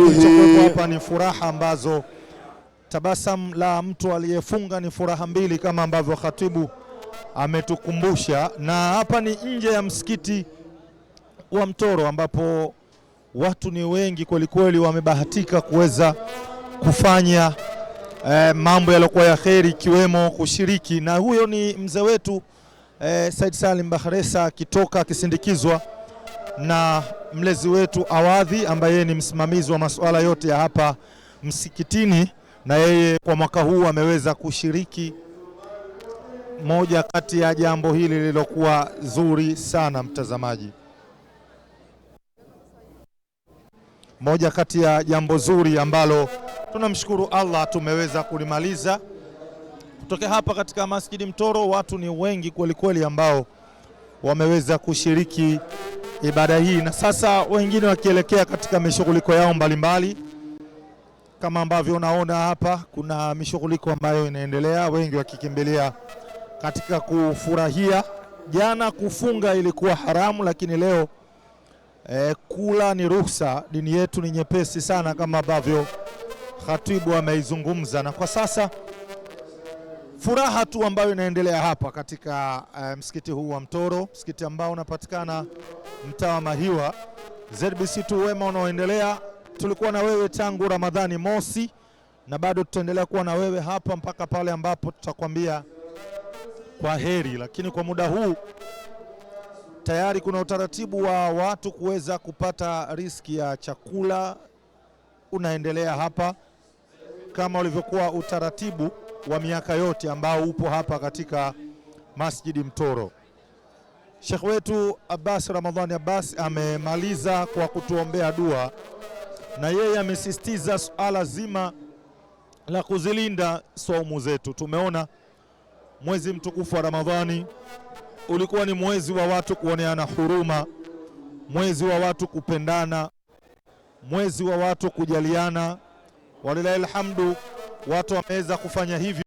basi mm-hmm. kilichokuwepo hapa ni furaha ambazo tabasam la mtu aliyefunga ni furaha mbili, kama ambavyo khatibu ametukumbusha. Na hapa ni nje ya msikiti wa Mtoro ambapo watu ni wengi kwelikweli, wamebahatika kuweza kufanya eh, mambo yaliyokuwa ya kheri ikiwemo kushiriki, na huyo ni mzee wetu eh, Said Salim Bakhresa akitoka akisindikizwa na mlezi wetu Awadhi ambaye ni msimamizi wa masuala yote ya hapa msikitini, na yeye kwa mwaka huu ameweza kushiriki moja kati ya jambo hili lililokuwa zuri sana mtazamaji. Moja kati ya jambo zuri ambalo tunamshukuru Allah tumeweza kulimaliza kutoka hapa katika Masjidi Mtoro. Watu ni wengi kwelikweli ambao wameweza kushiriki ibada hii, na sasa wengine wakielekea katika mishughuliko yao mbalimbali mbali. Kama ambavyo unaona hapa kuna mishughuliko ambayo inaendelea, wengi wakikimbilia katika kufurahia. Jana kufunga ilikuwa haramu, lakini leo e, kula ni ruhusa. Dini yetu ni nyepesi sana, kama ambavyo khatibu ameizungumza, na kwa sasa furaha tu ambayo inaendelea hapa katika uh, msikiti huu wa Mtoro, msikiti ambao unapatikana mtaa wa Mahiwa. ZBC tu wema unaoendelea, tulikuwa na wewe tangu Ramadhani mosi na bado tutaendelea kuwa na wewe hapa mpaka pale ambapo tutakwambia kwa heri. Lakini kwa muda huu tayari kuna utaratibu wa watu kuweza kupata riski ya chakula unaendelea hapa, kama ulivyokuwa utaratibu wa miaka yote ambao upo hapa katika Masjidi Mtoro. Sheikh wetu Abbas Ramadhani Abbas amemaliza kwa kutuombea dua, na yeye amesisitiza suala zima la kuzilinda saumu zetu. Tumeona mwezi mtukufu wa Ramadhani ulikuwa ni mwezi wa watu kuoneana huruma, mwezi wa watu kupendana, mwezi wa watu kujaliana. Walilahi alhamdu watu wameweza kufanya hivyo.